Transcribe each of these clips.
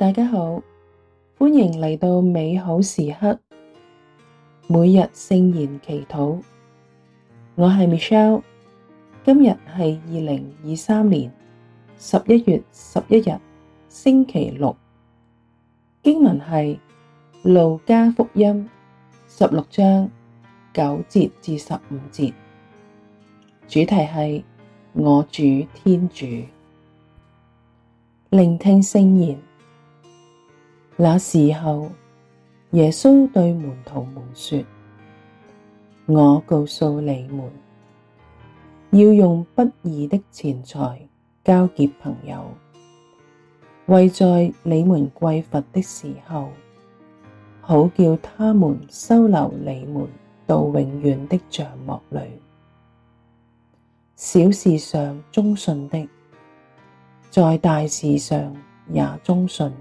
大家好，歡迎嚟到美好時刻，每日聖言祈禱。我係 Michelle，今日係二零二三年十一月十一日星期六。經文係路加福音十六章九節至十五節，主題係我主天主，聆聽聖言。那時候，耶穌對門徒們說：我告訴你們，要用不義的錢財交結朋友，為在你們匱乏的時候，好叫他們收留你們到永遠的帳幕裏。小事上忠信的，在大事上也忠信。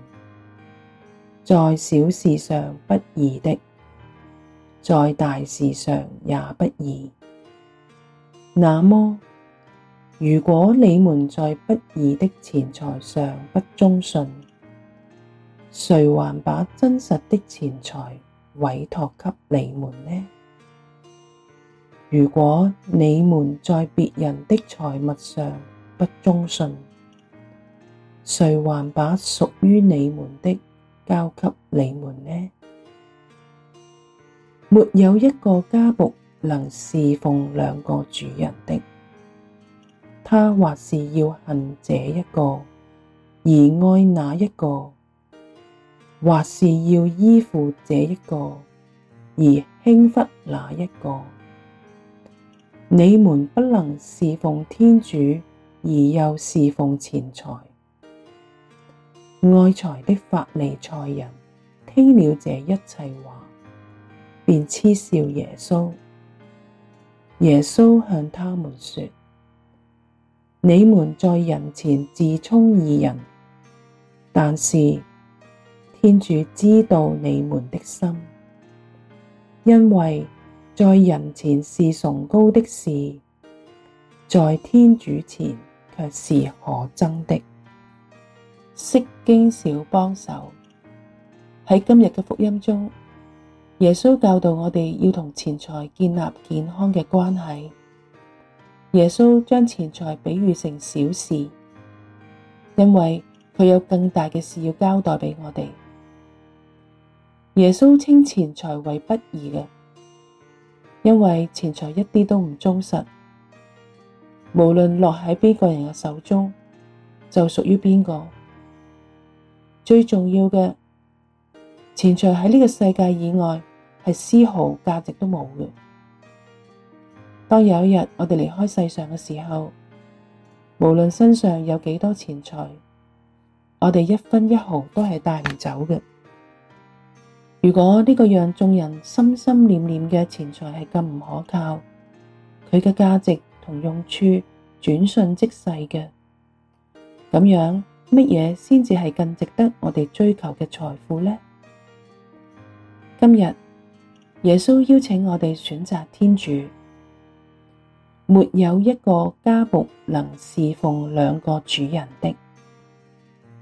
在小事上不義的，在大事上也不義。那麼，如果你們在不義的錢財上不忠信，誰還把真實的錢財委託給你們呢？如果你們在別人的財物上不忠信，誰還把屬於你們的交給你們呢？沒有一個家僕能事奉兩個主人的，他或是要恨這一個而愛那一個，或是要依附這一個而輕忽那一個。你們不能事奉天主而又事奉錢財。愛財的法利賽人聽了這一切話，便嗤笑耶穌。耶穌向他們說：你們在人前自充義人，但是天主知道你們的心，因為在人前是崇高的事，在天主前卻是可憎的。釋經小幫手，喺今日嘅福音中，耶穌教導我哋要同錢財建立健康嘅關係。耶穌將錢財比喻成小事，因為佢有更大嘅事要交代畀我哋。耶穌稱錢財為不義嘅，因為錢財一啲都唔忠實，無論落喺邊個人嘅手中，就屬於邊個。最重要嘅，錢財喺呢個世界以外係絲毫價值都冇嘅。當有一日我哋離開世上嘅時候，無論身上有幾多錢財，我哋一分一毫都係帶唔走嘅。如果呢個讓眾人心心念念嘅錢財係咁唔可靠，佢嘅價值同用處轉瞬即逝嘅，咁樣，乜嘢先至係更值得我哋追求嘅財富呢？今日耶穌邀請我哋選擇天主，沒有一個家僕能事奉兩個主人的。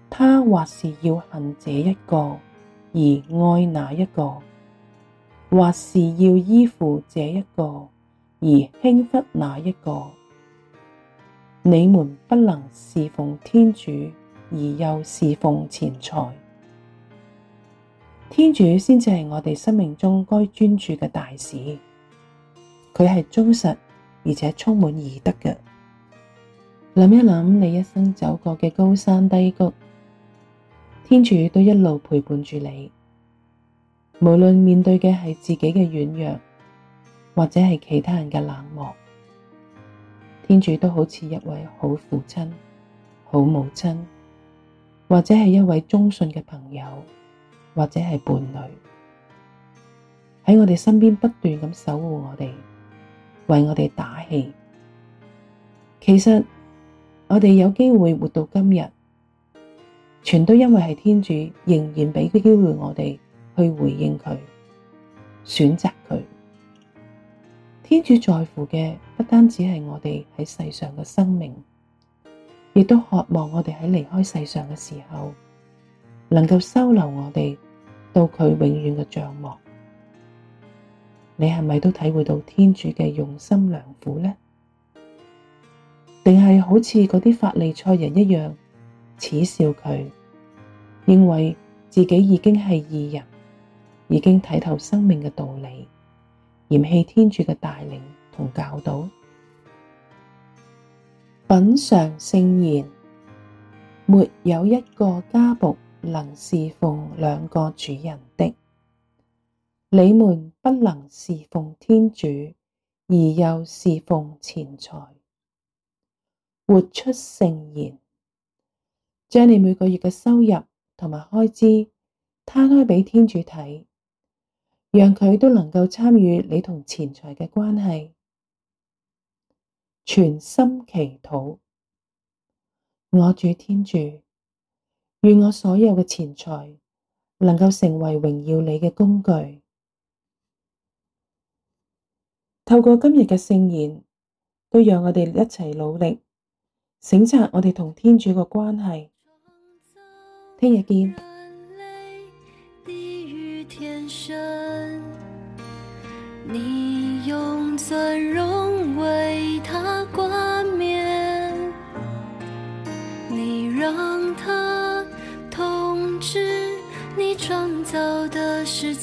他或是要恨這一個而愛那一個，或是要依附這一個而輕忽那一個。你們不能事奉天主。而又侍奉錢財，天主先至係我哋生命中該專注嘅大事。佢係忠實而且充滿義德嘅。諗一諗你一生走過嘅高山低谷，天主都一路陪伴住你。無論面對嘅係自己嘅軟弱，或者係其他人嘅冷漠，天主都好似一位好父親、好母親。或者係一位忠信嘅朋友，或者係伴侶，喺我哋身邊不斷咁守護我哋，為我哋打氣。其實我哋有機會活到今日，全都因為係天主仍然畀個機會我哋去回應佢，選擇佢。天主在乎嘅不單只係我哋喺世上嘅生命。亦都渴望我哋喺離開世上嘅時候，能夠收留我哋到佢永遠嘅帳幕。你係咪都體會到天主嘅用心良苦呢？定係好似嗰啲法利賽人一樣恥笑佢，認為自己已經係義人，已經睇透生命嘅道理，嫌棄天主嘅帶領同教導。品嚐聖言，沒有一個家僕能事奉兩個主人的。你們不能事奉天主，而又事奉錢財。活出聖言，將你每個月嘅收入同埋開支攤開畀天主睇，讓佢都能夠參與你同錢財嘅關係。全心祈禱，我主天主，願我所有嘅錢財能夠成為榮耀你嘅工具。透過今日嘅聖言，都讓我哋一齊努力，省察我哋同天主嘅關係。聽日見。